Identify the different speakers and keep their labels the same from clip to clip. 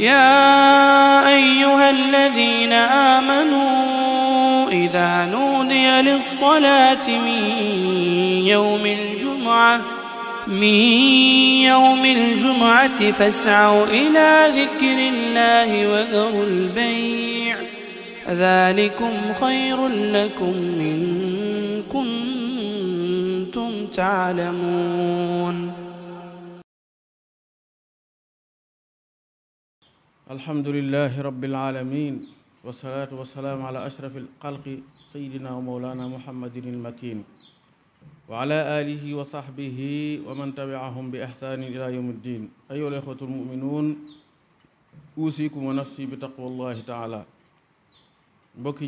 Speaker 1: يا أيها الذين آمنوا إذا نودي للصلاة من يوم الجمعة من يوم الجمعة فاسعوا إلى ذكر الله وذروا البيع ذلكم خير لكم إن كنتم تعلمون alhamdulilahi rabbil alamin wasalaatu wasalaamu ala ashraf alxalqi sayidina wa mawlana muhammadin almakin wa ala alihi wa sahbihi wa man tabiahum bi ihsanin ila yawmi ddin ayyuha alixwatu almuminun uusikum wa nafsi bi taqwallahi taala mbokki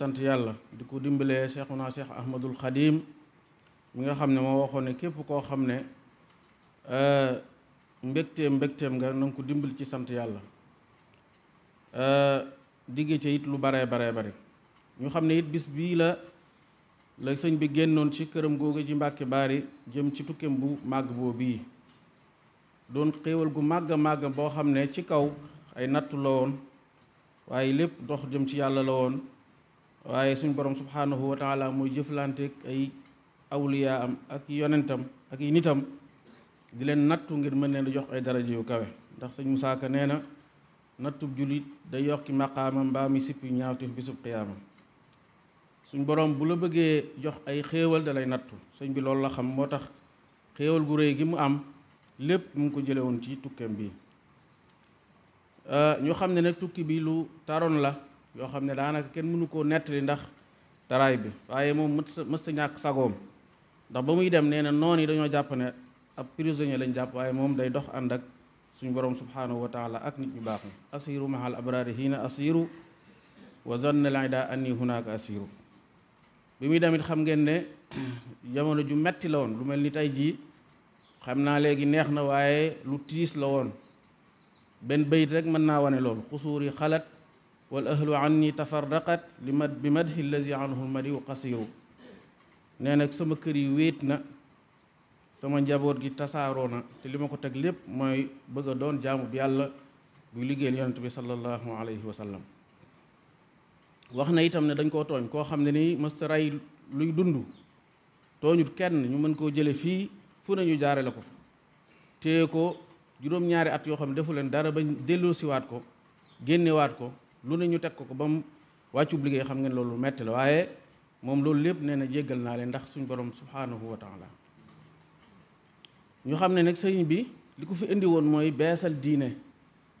Speaker 1: sant yàlla di ko dimbalee cheikhuna cheikh ahmadul xadim mi nga xam ne moo waxoon ne képp koo xam ne Euh, mbégteem mbégteem nga na ko dimbali ci sant yàlla euh, digge it lu baree baree bari ñu xam ne it bis bii la la sëñ bi génnoon ci këram googu ci Mbàkke Baari jëm ci tukkeem bu màgg boo bii doon xéewal gu màgg màgg boo xam ne ci kaw ay nattu la woon waaye lépp dox jëm ci yàlla la woon waaye suñ borom subhanahu wa taala mooy jëflanteek ay awliyaa am ak yonentam ak yi nitam di leen nattu ngir mën ne di jox ay daraja yu kawe ndax sëñ Musaa Ka nee na nattub jullit day yokki maqaama mbaam mi sippi ñaawteef bisub qiyaama suñ boroom bu la bëggee jox ay xéewal da nattu sëñ bi loolu la xam moo tax xéewal gu réy gi mu am lépp mu ko jële woon ci tukkeem bi ñu xam ne ne tukki bi lu taroon la yoo xam ne daanaka kenn mënu koo nettali ndax taraay bi waaye moom mës ñàkk sagoom ndax ba muy dem nee na yi dañoo jàpp ab prisonnier lañ jàpp waaye moom day dox ànd ak suñu borom subhanahu wa taala ak nit ñu baax ñi asiru mahal abrari hiina asiru wa zanna laida anni hunaka asiru bi muy damit xam ngeen ne jamono ju metti la woon lu mel ni tey jii xam naa léegi neex na waaye lu tiis la woon benn bayit rek mën naa wane loolu xusuuri xalat wal ahlu anni tafarraqat li ma bi madhi allazi anhu lmadiu qasiru nee nag sama kër yi wéet na sama njaboot gi tasaaroo na te li ma ko teg lépp mooy bëgg a doon jaamu bi yàlla bu liggéeyal yonent bi sallallahu alayhi wa sallam wax na itam ne dañ koo tooñ koo xam ne nii mësta rey luy dund tooñut kenn ñu mën koo jële fii fu nañu jaare la ko fa téye ko juróom-ñaari at yoo xam ne defu leen dara ba delloosiwaat ko génnewaat ko lu ne ñu teg ko ko ba mu wàccub liggéey xam ngeen loolu metti la waaye moom loolu lépp nee na jéggal naa leen ndax suñ borom subhanahu wa taala ñu xam ne nag sëriñ bi li ko fi indi woon mooy beesal diine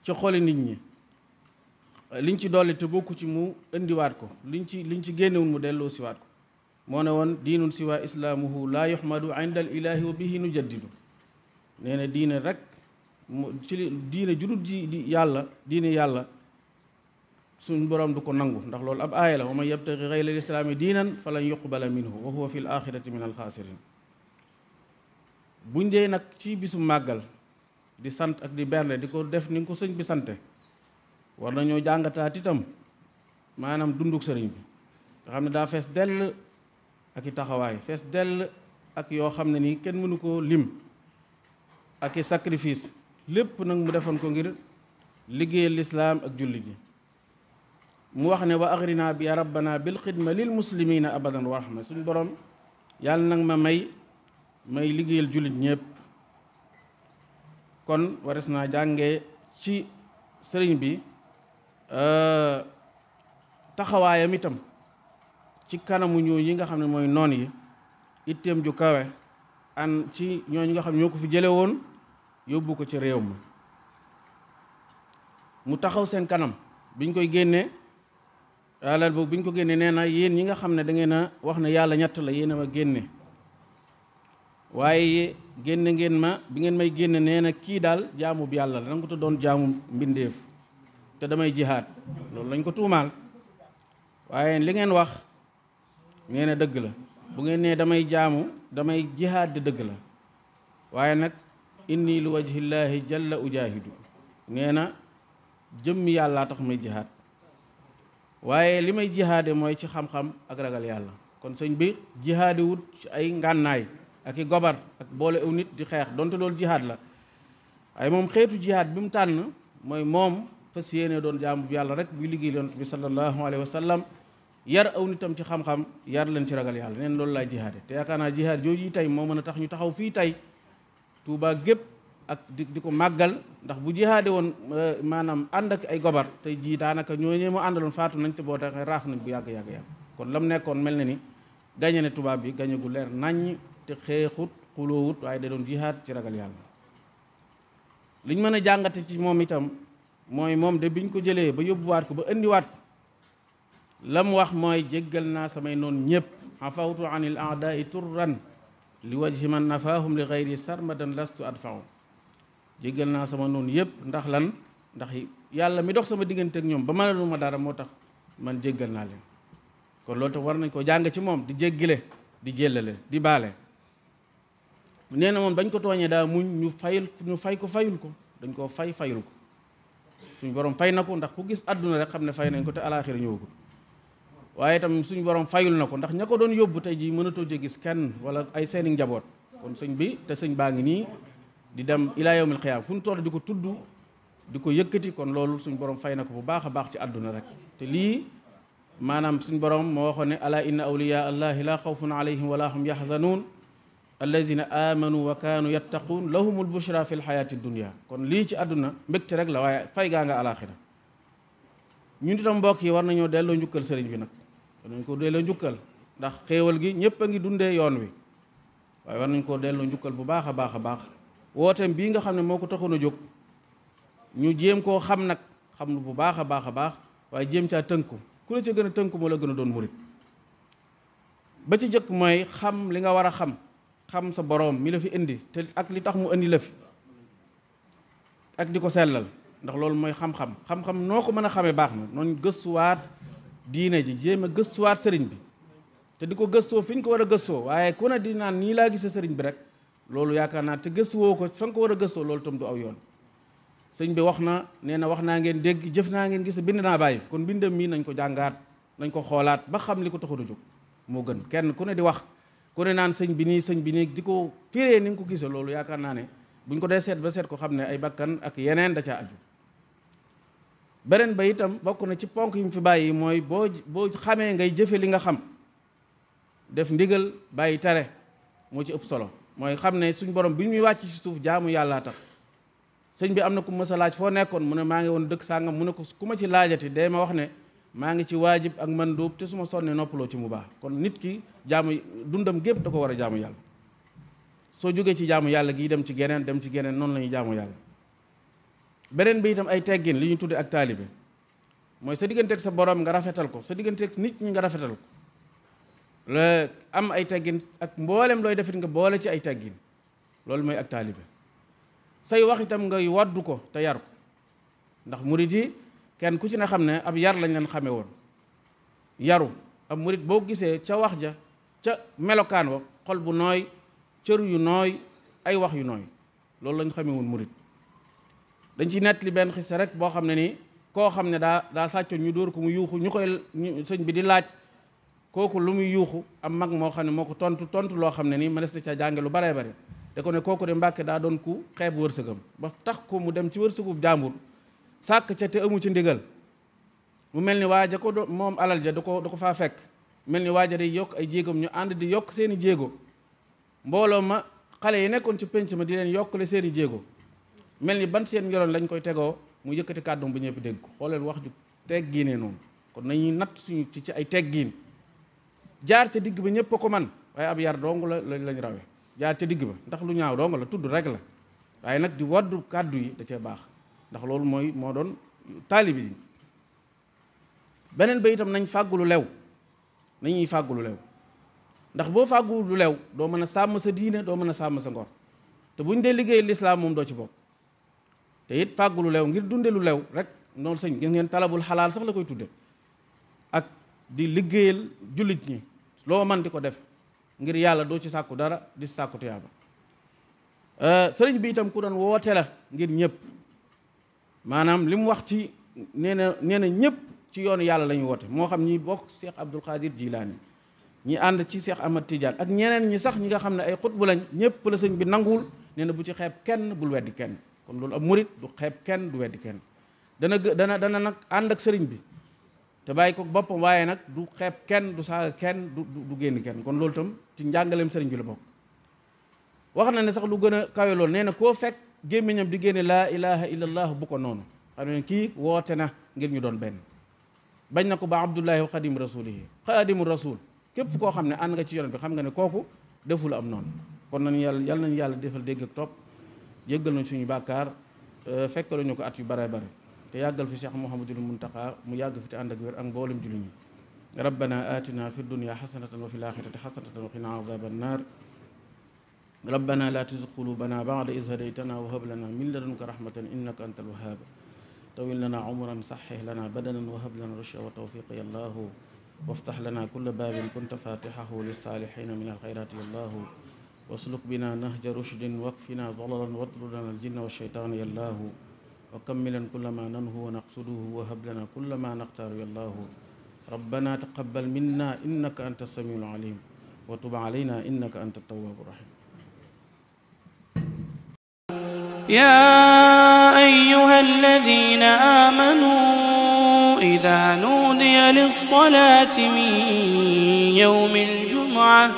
Speaker 1: ci xooli nit ñi liñ ci dolli te bokku ci mu indiwaat ko liñ ci liñ ci génnewul mu delloo siwaat ko moo ne woon diinun siwa islaamuhu laa yuhmadu inda al ilahi wa bihi nu jaddidu nee na diine rek ci diine judut ji di yàlla diine yàlla suñ borom du ko nangu ndax loolu ab aaya la wa man yabtagi gayra al islaami diinan falan yuqbala minhu wa huwa fi l axirati min alxaasirin buñ dee nag ci bisu màggal di sant ak di bernde di ko def ni nga ko sëñ bi sante war nañoo jàngataat itam maanaam dunduk sëriñ bi nga xam ne daa fees dell ak i taxawaay fees dell ak yoo xam ne ni kenn mënu ko lim ak i sacrifice lépp nag mu defoon ko ngir liggéey lislaam ak julli ji mu wax ne wa agrina bi ya rabbana bil xidma lil muslimina abadan wa rahma suñ boroom yàlla nag ma may may liggéeyal jullit ñépp kon wares naa jànge ci sëriñ bi euh, taxawaayam itam ci kanamu ñoo yi nga xam ne mooy noon yi itteem ju kawe an ci ñooñu nga xam ne ñoo ko fi jële woon yóbbu ko ci réew mi mu taxaw seen kanam biñ koy génne yàlla boobu biñ ko génnee nee na yéen ñi nga xam ne da ngeen a wax ne yàlla ñett la yéen a ma génne waaye génn ngeen ma bi ngeen may génn nee na kii daal jaamu bi yàlla la nangu te doon jaamu mbindéef te damay jihaad loolu lañ ko tuumaal waaye li ngeen wax nee na dëgg la bu ngeen nee damay jaamu damay jihaad di dëgg la waaye nag inni lu wajhillaahi jalla ujaahidu nee na jëmmi yàllaa tax may jihaad waaye li may jihaade mooy ci xam-xam ak ragal yàlla kon sëñ bi jihaade wut ci ay ngànnaay ak i gobar ak boole aw nit di xeex donte loolu jihaad la waaye moom xeetu jihaad bi mu tànn mooy moom fas yéene doon jaamu bi yàlla rek buy liggéey yonent bi sallallahu alayhi wa sallam yar aw nitam ci xam-xam yar leen ci ragal yàlla neen loolu laay jihaade te yaakaar naa jihaad jooju tey moo mën a tax ñu taxaw fii tey Tuubaa gépp ak di di ko màggal ndax bu jihaade woon eh, maanaam ànd ak ay gobar tey jii daanaka ñooñee mu ànd loon faatu nañ te boo taxee raaf nañ bu yàgg yàgg yàgg te xeexut xuloowut waaye da doon jihaad ci ragal yàlla liñ mën a jàngate ci moom itam mooy moom de biñ ko jëlee ba yóbbuwaat ko ba indiwaat ko lam wax mooy jéggal naa samay noon ñépp afawtu an il aadaai turran li wajhi man nafaahum li gayri sarmadan lastu adfaw jéggal naa sama noon yépp ndax lan ndax yàlla mi dox sama diggante ak ñoom ba mënalu ma dara moo tax man jéggal naa leen kon loolu tax war nañ koo jàng ci moom di jéggile di jéllale di baale nee na moom dañ ko tooñee daal muñ ñu fayul ñu fay ko fayul ko dañ koo fay fayul ko suñu borom fay na ko ndax ku gis àdduna rek xam ne fay nañ ko te alaaxira ñëwagul waaye itam suñu borom fayul na ko ndax ña ko doon yóbbu tey jii mënatoo ci gis kenn wala ay seeni njaboot kon sëñ bi te sëñ baa ngi nii di dem ilaa yawmil xiyaam fu ñu toll di ko tudd di ko yëkkati kon loolu suñu borom fay na ko bu baax a baax ci àdduna rek te lii maanaam suñu borom moo waxoon ne ala inna awliya allahi laa xawfun alayhim wala hum yahzanuun allazina amanu wa kaanu yattaquun lahumul bushra fi lxayaati dunia kon lii ci àdduna mbégte rek la waaye fay gaa nga mbokk yi war nañoo delloo njukkal sëriñ bi nag war nañ ko njukkal ndax gi ñëpp a ngi dundee yoon wi waaye war nañ koo delloo njukkal bu baax a baax a baax wooteem bii nga xam ne moo ko taxoon a jóg ñu jéem koo xam nag xam bu baax a baax a baax waaye jéem caa tënku ku la ca gën a tënku moo la gën a doon murit ba ci jëkk mooy xam li nga war a xam xam sa boroom mi la fi indi te ak li tax mu indi la fi ak di ko sellal ndax loolu mooy xam-xam xam-xam noo ko mën a xamee baax na noonu gëstuwaat diine ji jéem a gëstuwaat sëriñ bi te di ko gëstoo fi ñu ko war a gëstoo waaye ku ne di naan nii laa gisee sëriñ bi rek loolu yaakaar naa te gëstuwoo ko fa nga ko war a gëstoo loolu tam du aw yoon sëñ bi wax na nee na wax naa ngeen dégg jëf naa ngeen gis bind naa bàyyi kon bindam mii nañ ko jàngaat nañ ko xoolaat ba xam li ko taxoon a jóg moo gën kenn ku ne di wax ku ne naan sëñ bi nii sëñ bi nii di ko firee ni nga ko gisee loolu yaakaar naa ne buñ ko dee seet ba seet ko xam ne ay bakkan ak yeneen da caa aju beneen ba itam bokk na ci ponk yi mu fi bàyyi mooy boo boo xamee ngay jëfe li nga xam def ndigal bàyyi tare moo ci ëpp solo mooy xam ne suñ borom bi ñuy wàcc ci suuf jaamu yàllaa tax sëñ bi am na ku ma a laaj foo nekkoon mu ne maa ngi woon dëkk sàngam mu ne ko ku ma ci laajati dee ma wax ne maa ngi ci waajib ak manduub te su ma sonnee noppaloo ci mu baax kon nit ki jaamu dundam gépp da ko war a jaamu yàlla soo jógee ci jaamu yàlla gi dem ci geneen dem ci geneen noonu la ñuy jaamu yàlla beneen bi itam ay teggin li ñu tudde ak taalibe mooy sa digganteeg sa borom nga rafetal ko sa digganteek nit ñi nga rafetal ko la am ay teggin ak mboolem looy defit nga boole ci ay teggin loolu mooy ak taalibe say wax itam ngay waddu ko te yar kenn ku ci ne xam ne ab yar lañ leen xamee woon yaru ab murit boo gisee ca wax ja ca melokaan wa xol bu nooy cër yu nooy ay wax yu nooy loolu lañ xamee woon murit dañ ci nettali benn xis rek boo xam ne nii koo xam ne daa daa sàccoon ñu dóor ko mu yuuxu ñu koy sëñ bi di laaj kooku lu muy yuuxu am mag moo xam ne moo ko tontu tontu loo xam ne nii mënees na ca jànge lu baree bare da ko ne kooku de mbàkke daa doon ku xeeb wërsëgam ba tax ko mu dem ci wërsëgu jàmbur sàkk ca te amu ci ndigal mu mel ni waaja ko moom alal ja da ko da ko faa fekk mel ni waaja day yokk ay jéegoom ñu ànd di yokk seeni jéego mbooloo ma xale yi nekkoon ci pénc ma di leen yokkale seeni jéego mel ni ban seen njoroon lañ koy tegoo mu yëkkati kàddoom ba ñëpp dégg ko xooleen wax ju teggiinee noonu kon nañuy natt suñu ci ci ay teggiin jaar ca digg ba ñëpp a ko man waaye ab yar dong la lañ rawee jaar ca digg ba ndax lu ñaaw dong la tudd rek la waaye nag di waddu kàddu yi da cee baax ndax loolu mooy moo doon taalibi yi beneen ba itam nañ fàggu lew nañuy fàggu lu lew ndax boo fàggu lu lew doo mën a sàmm sa diine doo mën a sàmm sa ngor te buñ dee liggéey lislaam moom doo ci bokk te it fàggulu lew ngir dunde lu lew rek noonu sëñ gis ngeen talabul xalaal sax la koy tudde ak di liggéeyal jullit ñi loo man di ko def ngir yàlla doo ci sàkku dara di sàkku tuyaaba euh, sëriñ bi itam ku doon woote la ngir ñëpp maanaam li mu wax ci nee na nee na ñëpp ci yoonu yàlla la ñu woote moo xam ñi bokk Cheikh Abdul Qadir Jilaani ñi ànd ci Cheikh Ahmad Tidiane ak ñeneen ñi sax ñi nga xam ne ay bu lañ ñëpp la sëñ bi nanguwul nee na bu ci xeeb kenn bul weddi kenn kon loolu ab murit du xeeb kenn du weddi kenn dana dana dana nag ànd ak sëriñ bi te bàyyi ko boppam waaye nag du xeeb kenn du saaga kenn du du génn kenn kon loolu tam ci njàngaleem sëriñ bi la bokk wax na ne sax lu gën a kawe loolu koo fekk gémmiñam di génne laa ilaha illallah bu ko noonu xam ne kii woote na ngir ñu doon benn bañ na ko ba abdullahi wa xadimu rasulihi xadimu rasul képp koo xam ne ànd nga ci yoon bi xam nga ne kooku deful am noonu kon nañu yàlla yàlla nañu yàlla defal dégg ak topp yëggal nañ suñu bàkkaar euh, fekk nañu ko at yu bare bare te yàggal fi cheikh mouhamadul muntaka mu yàgg fi te ànd ak wér ak mboolem jullit ñi rabbana atina fi dunya xasanatan wa fi l axirati xasanatan wa qina azaba rabbana la tuzigh qulubana ba'da idh hadaytana wa hab lana min ladunka rahmatan innaka antal wahhab tawil lana umran sahhih lana badanan wa hab lana rushdan wa tawfiqan ya allah وافتح لنا كل باب كنت فاتحه للصالحين من الخيرات يا الله واسلك بنا نهج رشد واكفنا ضللا واطرد لنا الجن والشيطان يا الله وكملا كل ما ننهو ونقصده وهب لنا كل ما نختار يا الله ربنا تقبل منا انك انت السميع العليم وتب علينا انك انت التواب الرحيم يا أيها الذين آمنوا إذا نودي للصلاة من يوم الجمعة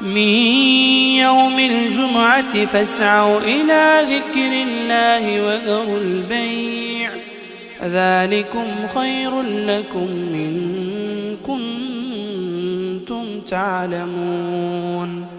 Speaker 1: من يوم الجمعة فاسعوا إلى ذكر الله وذروا البيع ذلكم خير لكم إن كنتم تعلمون